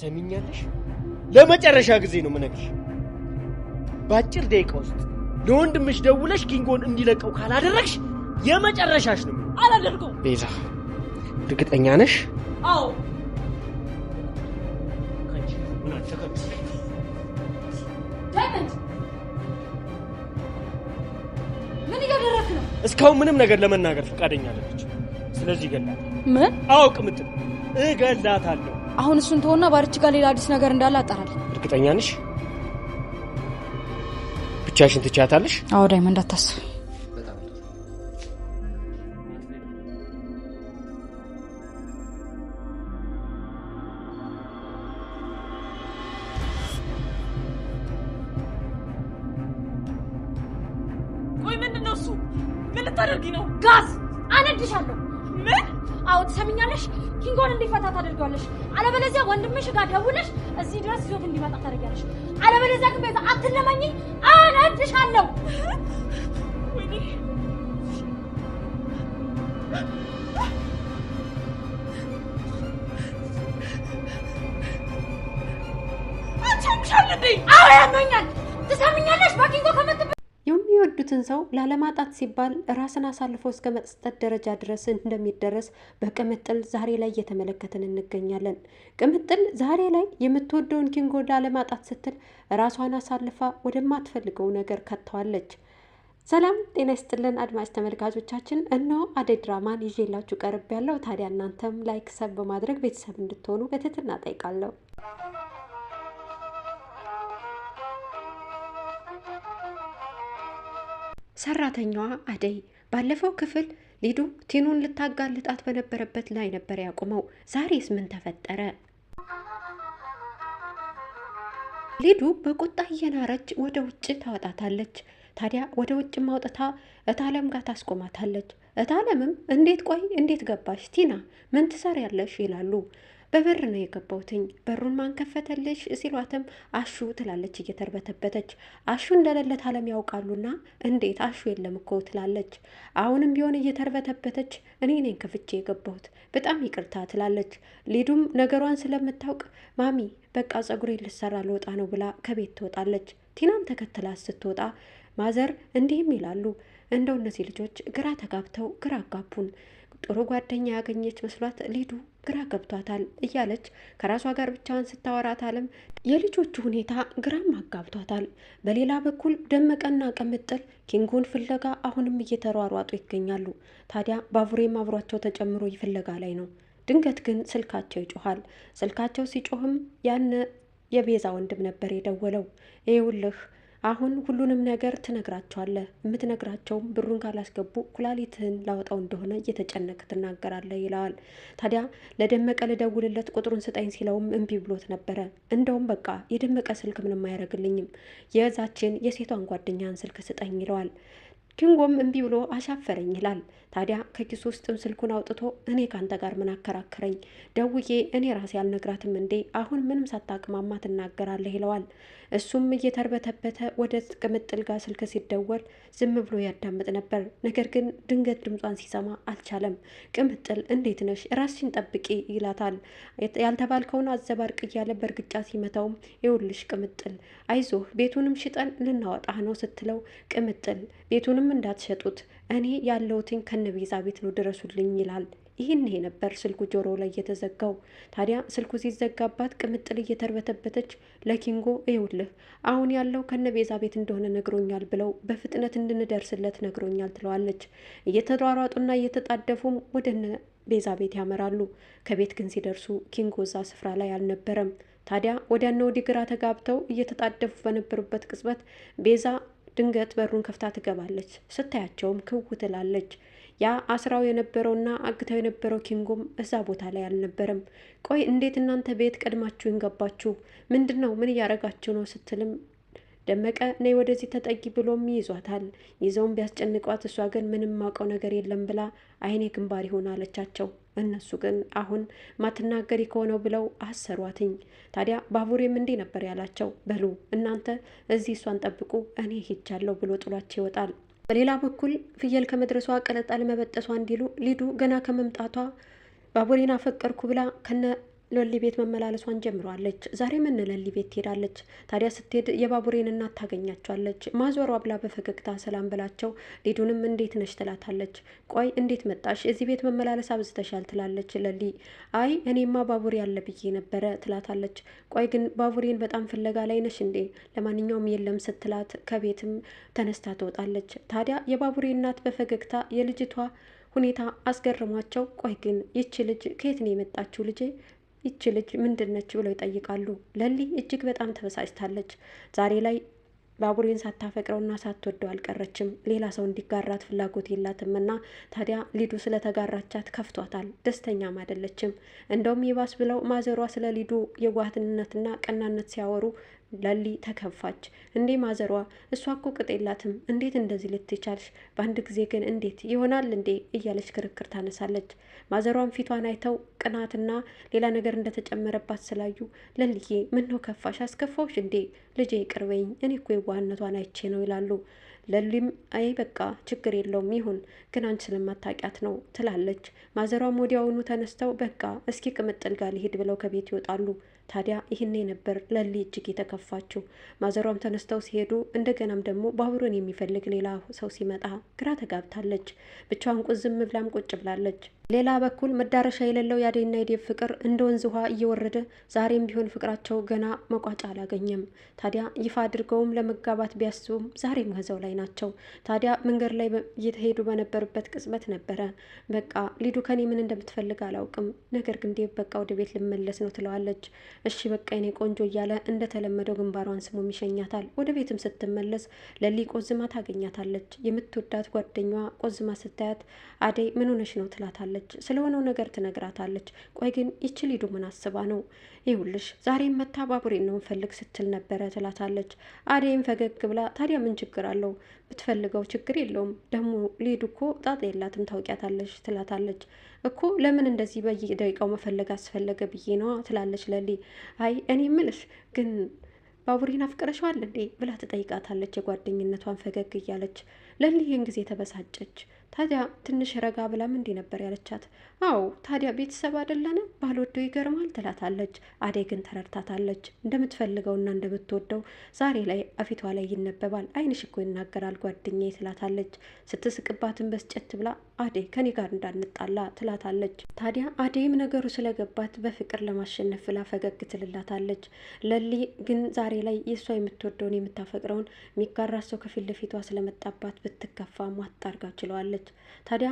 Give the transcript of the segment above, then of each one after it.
ትሰሚኛለሽ? ለመጨረሻ ጊዜ ነው የምነግርሽ። በአጭር ደቂቃ ውስጥ ለወንድምሽ ደውለሽ ኪንጎን እንዲለቀው ካላደረግሽ የመጨረሻሽ ነው። አላደርገው። ቤዛ፣ እርግጠኛ ነሽ? አዎ። ምን እያደረክ ነው? እስካሁን ምንም ነገር ለመናገር ፈቃደኛ አይደለች። ስለዚህ ገላት ምን? አዎ፣ ቅምጥል እገላታለሁ። አሁን እሱን ተሆና ባርች ጋር ሌላ አዲስ ነገር እንዳለ አጣራለሁ። እርግጠኛ ነሽ? ብቻሽን ትቻታለሽ? አዎ ዳይመንድ እንዳታስብ። ምን ልታደርጊ ነው? ጋዝ አነድሻለሁ እንዳወጥ ሰምኛለሽ። ኪንጎን እንዲፈታ ታደርጊዋለሽ። አለበለዚያ ወንድምሽ ጋር ደውለሽ እዚህ ድረስ ይዞት እንዲመጣ ታደርጊያለሽ። አለበለዚያ ግን ቤዛ አትለማኝ፣ አነድሻለሁ። አዎ ያመኛል። ትሰምኛለሽ? በኪንጎ ከምት የሚወዱትን ሰው ላለማጣት ሲባል ራስን አሳልፎ እስከ መስጠት ደረጃ ድረስ እንደሚደረስ በቅምጥል ዛሬ ላይ እየተመለከትን እንገኛለን። ቅምጥል ዛሬ ላይ የምትወደውን ኪንጎ ላለማጣት ስትል ራሷን አሳልፋ ወደማትፈልገው ነገር ከተዋለች። ሰላም ጤና ይስጥልን አድማጭ ተመልካቾቻችን፣ እነሆ አደይ ድራማን ይዤላችሁ ቀርብ ያለው። ታዲያ እናንተም ላይክ ሰብ በማድረግ ቤተሰብ እንድትሆኑ በትህትና ጠይቃለሁ። ሰራተኛዋ አደይ ባለፈው ክፍል ሊዱ ቲኑን ልታጋልጣት በነበረበት ላይ ነበር ያቆመው። ዛሬስ ምን ተፈጠረ? ሊዱ በቁጣ እየናረች ወደ ውጭ ታወጣታለች። ታዲያ ወደ ውጭ ማውጥታ እታለም ጋር ታስቆማታለች። እታለምም እንዴት ቆይ እንዴት ገባሽ ቲና ምን ትሰሪያለሽ? ይላሉ በበር ነው የገባሁትኝ በሩን ማንከፈተልሽ ሲሏትም አሹ ትላለች እየተርበተበተች። አሹ እንደሌለት አለም ያውቃሉና እንዴት አሹ የለም እኮ ትላለች። አሁንም ቢሆን እየተርበተበተች እኔ ነኝ ከፍቼ የገባሁት በጣም ይቅርታ ትላለች። ሊዱም ነገሯን ስለምታውቅ ማሚ በቃ ጸጉሬ ልሰራ ልወጣ ነው ብላ ከቤት ትወጣለች። ቲናም ተከትላት ስትወጣ ማዘር እንዲህም ይላሉ እንደው እነዚህ ልጆች ግራ ተጋብተው ግራ አጋቡን ጥሩ ጓደኛ ያገኘች መስሏት ሊዱ ግራ ገብቷታል እያለች ከራሷ ጋር ብቻዋን ስታወራት አለም የልጆቹ ሁኔታ ግራም አጋብቷታል። በሌላ በኩል ደመቀና ቅምጥል ኪንጎን ፍለጋ አሁንም እየተሯሯጡ ይገኛሉ። ታዲያ ባቡሬም አብሯቸው ተጨምሮ ፍለጋ ላይ ነው። ድንገት ግን ስልካቸው ይጮኋል። ስልካቸው ሲጮህም ያነ የቤዛ ወንድም ነበር የደወለው ይውልህ አሁን ሁሉንም ነገር ትነግራቸዋለህ። የምትነግራቸውም ብሩን ካላስገቡ ኩላሊትህን ላወጣው እንደሆነ እየተጨነቅ ትናገራለህ ይለዋል። ታዲያ ለደመቀ ልደውልለት ቁጥሩን ስጠኝ ሲለውም እምቢ ብሎት ነበረ። እንደውም በቃ የደመቀ ስልክ ምንም አያደርግልኝም፣ የዛችን የሴቷን ጓደኛን ስልክ ስጠኝ ይለዋል። ኪንጎም እምቢ ብሎ አሻፈረኝ ይላል። ታዲያ ከኪሱ ውስጥም ስልኩን አውጥቶ እኔ ካንተ ጋር ምን አከራከረኝ? ደውዬ እኔ ራሴ ያልነግራትም እንዴ? አሁን ምንም ሳታቅማማ ትናገራለህ ይለዋል። እሱም እየተርበተበተ ወደ ቅምጥል ጋር ስልክ ሲደወል ዝም ብሎ ያዳምጥ ነበር። ነገር ግን ድንገት ድምጿን ሲሰማ አልቻለም። ቅምጥል እንዴት ነሽ? ራስሽን ጠብቂ ይላታል። ያልተባልከውን አዘባርቅ እያለ በእርግጫ ሲመታውም ይውልሽ ቅምጥል አይዞህ ቤቱንም ሽጠን ልናወጣህ ነው ስትለው ቅምጥል ቤቱንም እንዳትሸጡት እኔ ያለሁትን ከነቤዛ ቤት ነው ድረሱልኝ ይላል። ይህን ይሄ ነበር ስልኩ ጆሮ ላይ የተዘጋው። ታዲያ ስልኩ ሲዘጋባት ቅምጥል እየተርበተበተች ለኪንጎ እየውልህ አሁን ያለው ከነ ቤዛ ቤት እንደሆነ ነግሮኛል ብለው በፍጥነት እንድንደርስለት ነግሮኛል ትለዋለች። እየተሯሯጡና እየተጣደፉም ወደነ ቤዛ ቤት ያመራሉ። ከቤት ግን ሲደርሱ ኪንጎ እዛ ስፍራ ላይ አልነበረም። ታዲያ ወዲያና ወዲህ ግራ ተጋብተው እየተጣደፉ በነበሩበት ቅጽበት ቤዛ ድንገት በሩን ከፍታ ትገባለች። ስታያቸውም ክው ትላለች። ያ አስራው የነበረውና አግተው የነበረው ኪንጎም እዛ ቦታ ላይ አልነበረም። ቆይ እንዴት እናንተ ቤት ቀድማችሁን ገባችሁ? ምንድን ነው? ምን እያደረጋችሁ ነው? ስትልም ደመቀ ነይ ወደዚህ ተጠጊ ብሎም ይይዟታል። ይዘውም ቢያስጨንቋት እሷ ግን ምንም ማውቀው ነገር የለም ብላ አይኔ ግንባር ይሆን አለቻቸው። እነሱ ግን አሁን ማትናገሪ ከሆነው ብለው አሰሯትኝ። ታዲያ ባቡሬም እንዲህ ነበር ያላቸው፣ በሉ እናንተ እዚህ እሷን ጠብቁ፣ እኔ ሄጃለሁ ብሎ ጥሏቸው ይወጣል። በሌላ በኩል ፍየል ከመድረሷ ቅለጣ ለመበጠሷ እንዲሉ ሊዱ ገና ከመምጣቷ ባቡሬን አፈቀርኩ ብላ ከነ ሎሊ ቤት መመላለሷን ጀምረዋለች። ዛሬ ምን ሎሊ ቤት ትሄዳለች። ታዲያ ስትሄድ የባቡሬን እናት ታገኛቸዋለች። ማዞሯ ብላ በፈገግታ ሰላም ብላቸው ሊዱንም እንዴት ነሽ ትላታለች። ቆይ እንዴት መጣሽ? እዚህ ቤት መመላለስ አብዝተሻል ትላለች ሎሊ። አይ እኔማ ባቡሬ ያለ ብዬ ነበረ ትላታለች። ቆይ ግን ባቡሬን በጣም ፍለጋ ላይ ነሽ እንዴ? ለማንኛውም የለም ስትላት ከቤትም ተነስታ ትወጣለች። ታዲያ የባቡሬ እናት በፈገግታ የልጅቷ ሁኔታ አስገርሟቸው ቆይ ግን ይቺ ልጅ ከየት ነው የመጣችው ልጄ ይቺ ልጅ ምንድነች ብለው ይጠይቃሉ። ለሊ እጅግ በጣም ተበሳጭታለች። ዛሬ ላይ ባቡሬን ሳታፈቅረውና ሳትወደው አልቀረችም። ሌላ ሰው እንዲጋራት ፍላጎት የላትም እና ታዲያ ሊዱ ስለተጋራቻት ከፍቷታል። ደስተኛም አይደለችም። እንደውም ይባስ ብለው ማዘሯ ስለ ሊዱ የዋህነትና ቀናነት ሲያወሩ ላሊ ተከፋች። እንዴ ማዘሯ እሷ እኮ ቅጥ የላትም እንዴት እንደዚህ ልትቻልሽ? በአንድ ጊዜ ግን እንዴት ይሆናል እንዴ እያለች ክርክር ታነሳለች። ማዘሯን ፊቷን አይተው ቅናትና ሌላ ነገር እንደተጨመረባት ስላዩ ለልዬ ምነው ከፋሽ? አስከፋውሽ እንዴ ልጄ ቅርበኝ፣ እኔ እኮ የዋህነቷን አይቼ ነው ይላሉ። ለሊም አይ በቃ ችግር የለውም ይሁን፣ ግን አንቺ ስለማታውቂያት ነው ትላለች። ማዘሯም ወዲያውኑ ተነስተው በቃ እስኪ ቅምጥል ጋር ሊሄድ ብለው ከቤት ይወጣሉ። ታዲያ ይህኔ ነበር ለሊ እጅግ የተከፋችው። ማዘሯም ተነስተው ሲሄዱ እንደገናም ደግሞ ባቡሩን የሚፈልግ ሌላ ሰው ሲመጣ ግራ ተጋብታለች። ብቻዋን ቁዝም ብላም ቁጭ ብላለች። ሌላ በኩል መዳረሻ የሌለው የአደይና የዴቭ ፍቅር እንደ ወንዝ ውሃ እየወረደ ዛሬም ቢሆን ፍቅራቸው ገና መቋጫ አላገኘም። ታዲያ ይፋ አድርገውም ለመጋባት ቢያስቡም ዛሬም ከዘው ላይ ናቸው። ታዲያ መንገድ ላይ እየተሄዱ በነበሩበት ቅጽበት ነበረ በቃ ሊዱ ከኔ ምን እንደምትፈልግ አላውቅም፣ ነገር ግን ዴቭ በቃ ወደ ቤት ልመለስ ነው ትለዋለች። እሺ በቃ የኔ ቆንጆ እያለ እንደተለመደው ግንባሯን ስሙ ይሸኛታል። ወደ ቤትም ስትመለስ ለሊ ቆዝማ ታገኛታለች። የምትወዳት ጓደኛዋ ቆዝማ ስታያት አደይ ምን ሆነሽ ነው ትላታለች። ትላታለች። ስለሆነው ነገር ትነግራታለች። ቆይ ግን ይቺ ሊዱ ምን አስባ ነው? ይውልሽ ዛሬም መታባቡሬን ነው እንፈልግ ስትል ነበረ ትላታለች። አደይም ፈገግ ብላ ታዲያ ምን ችግር አለው? ብትፈልገው ችግር የለውም። ደግሞ ሊዱ እኮ ጣጣ የላትም ታውቂያታለሽ ትላታለች። እኮ ለምን እንደዚህ በየደቂቃው መፈለግ አስፈለገ ብዬ ነዋ ትላለች ለሊ። አይ እኔ ምልሽ ግን ባቡሬን አፍቅረሸዋል እንዴ ብላ ትጠይቃታለች። የጓደኝነቷን ፈገግ እያለች ለልይን ጊዜ ተበሳጨች። ታዲያ ትንሽ ረጋ ብላም እንዲህ ነበር ያለቻት። አዎ ታዲያ ቤተሰብ አደለን ባልወደው ይገርማል ትላታለች። አደይ ግን ተረድታታለች። እንደምትፈልገውና እንደምትወደው ዛሬ ላይ አፊቷ ላይ ይነበባል። ዓይንሽ እኮ ይናገራል ጓደኛዬ ትላታለች። ስትስቅባትን በስጨት ብላ አደይ ከኔ ጋር እንዳንጣላ ትላታለች። ታዲያ አደይም ነገሩ ስለገባት በፍቅር ለማሸነፍ ብላ ፈገግ ትልላታለች። ለሊ ግን ዛሬ ላይ የእሷ የምትወደውን የምታፈቅረውን የሚጋራ ሰው ከፊት ለፊቷ ስለመጣባት ብትከፋ ማታርጋ ችለዋለች። ታዲያ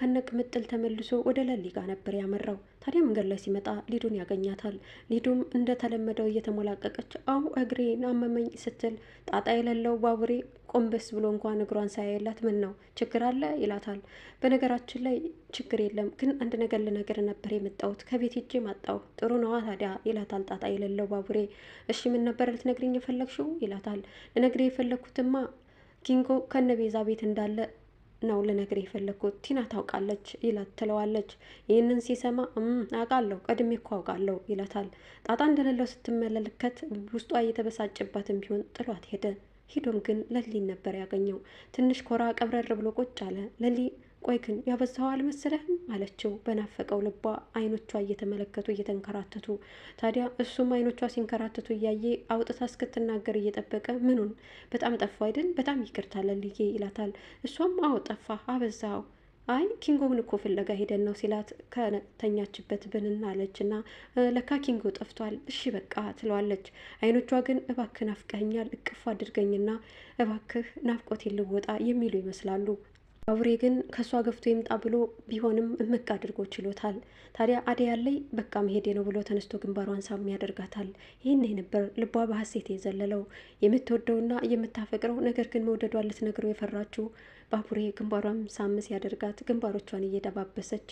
ከነቅ ምጥል ተመልሶ ወደ ለሊ ጋ ነበር ያመራው። ታዲያ መንገድ ላይ ሲመጣ ሊዱን ያገኛታል። ሊዱም እንደተለመደው እየተሞላቀቀች አው እግሬን አመመኝ ስትል ጣጣ የሌለው ባቡሬ ቆንበስ ብሎ እንኳን እግሯን ሳያየላት ምን ነው ችግር አለ ይላታል። በነገራችን ላይ ችግር የለም ግን አንድ ነገር ልነገር ነበር የመጣሁት ከቤት ሄጄ ማጣሁ። ጥሩ ነዋ ታዲያ ይላታል ጣጣ የሌለው ባቡሬ። እሺ ምን ነበር ልትነግሪኝ የፈለግሽው ይላታል። ልነግሬ የፈለግኩትማ ኪንጎ ከነቤዛ ቤት እንዳለ ነው ልነግር የፈለግኩት ቲና ታውቃለች ይላት ትለዋለች። ይህንን ሲሰማ አውቃለሁ ቀድሜ እኮ አውቃለሁ ይላታል። ጣጣ እንደሌለው ስትመለከት ውስጧ እየተበሳጭባትም ቢሆን ጥሏት ሄደ። ሂዶም ግን ለሊን ነበር ያገኘው። ትንሽ ኮራ ቀብረር ብሎ ቁጭ አለ። ለሊ ቆይ ግን ያበዛው አልመሰለህም? አለችው በናፈቀው ልቧ አይኖቿ እየተመለከቱ እየተንከራተቱ። ታዲያ እሱም አይኖቿ ሲንከራተቱ እያየ አውጥታ እስክትናገር እየጠበቀ ምኑን በጣም ጠፋ አይደል? በጣም ይቅርታ ለልዬ ይላታል። እሷም አዎ ጠፋ፣ አበዛው አይ ኪንጎውን እኮ ፍለጋ ሄደን ነው ሲላት ከተኛችበት ብንን አለች እና ለካ ኪንጎ ጠፍቷል። እሺ በቃ ትለዋለች። አይኖቿ ግን እባክህ ናፍቀኛል፣ እቅፍ አድርገኝና እባክህ ናፍቆቴን ልወጣ የሚሉ ይመስላሉ። አውሬ ግን ከእሷ ገፍቶ ይምጣ ብሎ ቢሆንም እምቅ አድርጎ ችሎታል። ታዲያ አደይ ያለይ በቃ መሄዴ ነው ብሎ ተነስቶ ግንባሯን ሳም ያደርጋታል። ይህን ነበር ልቧ በሀሴት የዘለለው የምትወደውና የምታፈቅረው ነገር ግን መውደዷ ልትነግረው የፈራችው ባቡሬ ግንባሯን ሳምስ ያደርጋት ግንባሮቿን እየደባበሰች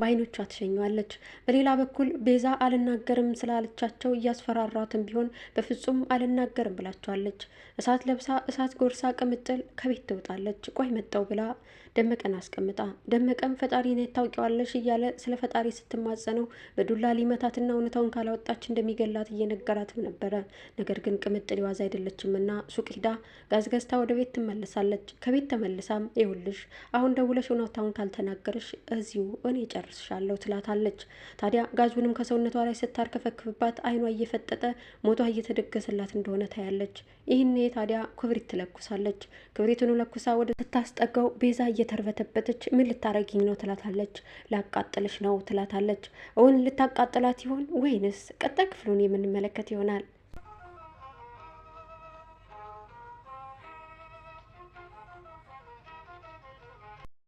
በአይኖቿ ትሸኘዋለች። በሌላ በኩል ቤዛ አልናገርም ስላለቻቸው እያስፈራራትም ቢሆን በፍጹም አልናገርም ብላቸዋለች። እሳት ለብሳ እሳት ጎርሳ ቅምጥል ከቤት ትወጣለች። ቆይ መጠው ብላ ደመቀን አስቀምጣ ደመቀን ነ ታውቂዋለሽ እያለ ስለ ፈጣሪ ስትማጸነው በዱላ ሊመታትና እውነታውን ካላወጣች እንደሚገላት እየነገራትም ነበረ። ነገር ግን ቅምጥል ሊዋዝ አይደለችምና ሱቅ ሂዳ ጋዝ ገዝታ ወደ ቤት ትመለሳለች። ከቤት ተመልሳም ይውልሽ አሁን ደውለሽ እውነታውን ካልተናገርሽ እዚሁ እኔ ጨርስሻለሁ ትላታለች። ታዲያ ጋዙንም ከሰውነቷ ላይ ስታርከፈክፍባት አይኗ እየፈጠጠ ሞቷ እየተደገሰላት እንደሆነ ታያለች። ይህኔ ታዲያ ክብሪት ትለኩሳለች። ክብሪቱን ለኩሳ ወደ ስታስጠጋው ቤዛ እየ እየተርበተበተች ምን ልታረጊኝ ነው ትላታለች። ላቃጥልሽ ነው ትላታለች። እውን ልታቃጥላት ይሆን ወይንስ ቀጣይ ክፍሉን የምንመለከት ይሆናል።